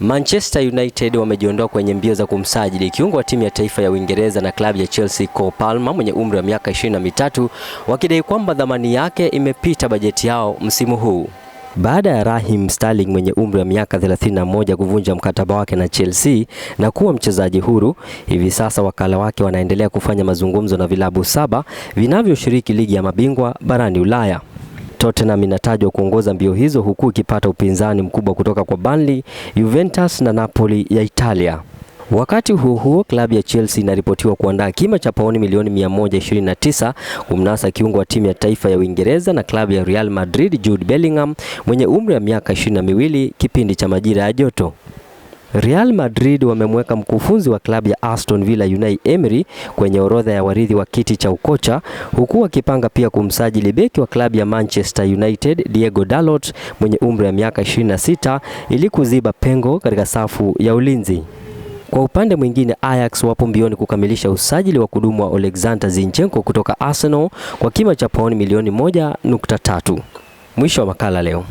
Manchester United wamejiondoa kwenye mbio za kumsajili kiungo wa timu ya taifa ya Uingereza na klabu ya Chelsea Cole Palmer mwenye umri wa miaka ishirini na mitatu wakidai kwamba dhamani yake imepita bajeti yao msimu huu. Baada ya Raheem Sterling mwenye umri wa miaka 31 kuvunja mkataba wake na Chelsea na kuwa mchezaji huru, hivi sasa wakala wake wanaendelea kufanya mazungumzo na vilabu saba vinavyoshiriki ligi ya mabingwa barani Ulaya. Tottenham inatajwa kuongoza mbio hizo huku ikipata upinzani mkubwa kutoka kwa Burnley, Juventus na Napoli ya Italia. Wakati huo huo, klabu ya Chelsea inaripotiwa kuandaa kima cha paoni milioni 129 kumnasa kiungo wa timu ya taifa ya Uingereza na klabu ya Real Madrid Jude Bellingham mwenye umri wa miaka 22 miwili kipindi cha majira ya joto. Real Madrid wamemweka mkufunzi wa klabu ya Aston Villa Unai Emery kwenye orodha ya warithi wa kiti cha ukocha huku wakipanga pia kumsajili beki wa klabu ya Manchester United Diego Dalot mwenye umri wa miaka 26 ili kuziba pengo katika safu ya ulinzi. Kwa upande mwingine Ajax wapo mbioni kukamilisha usajili wa kudumu wa Alexander Zinchenko kutoka Arsenal kwa kima cha pauni milioni 1.3. Mwisho wa makala leo.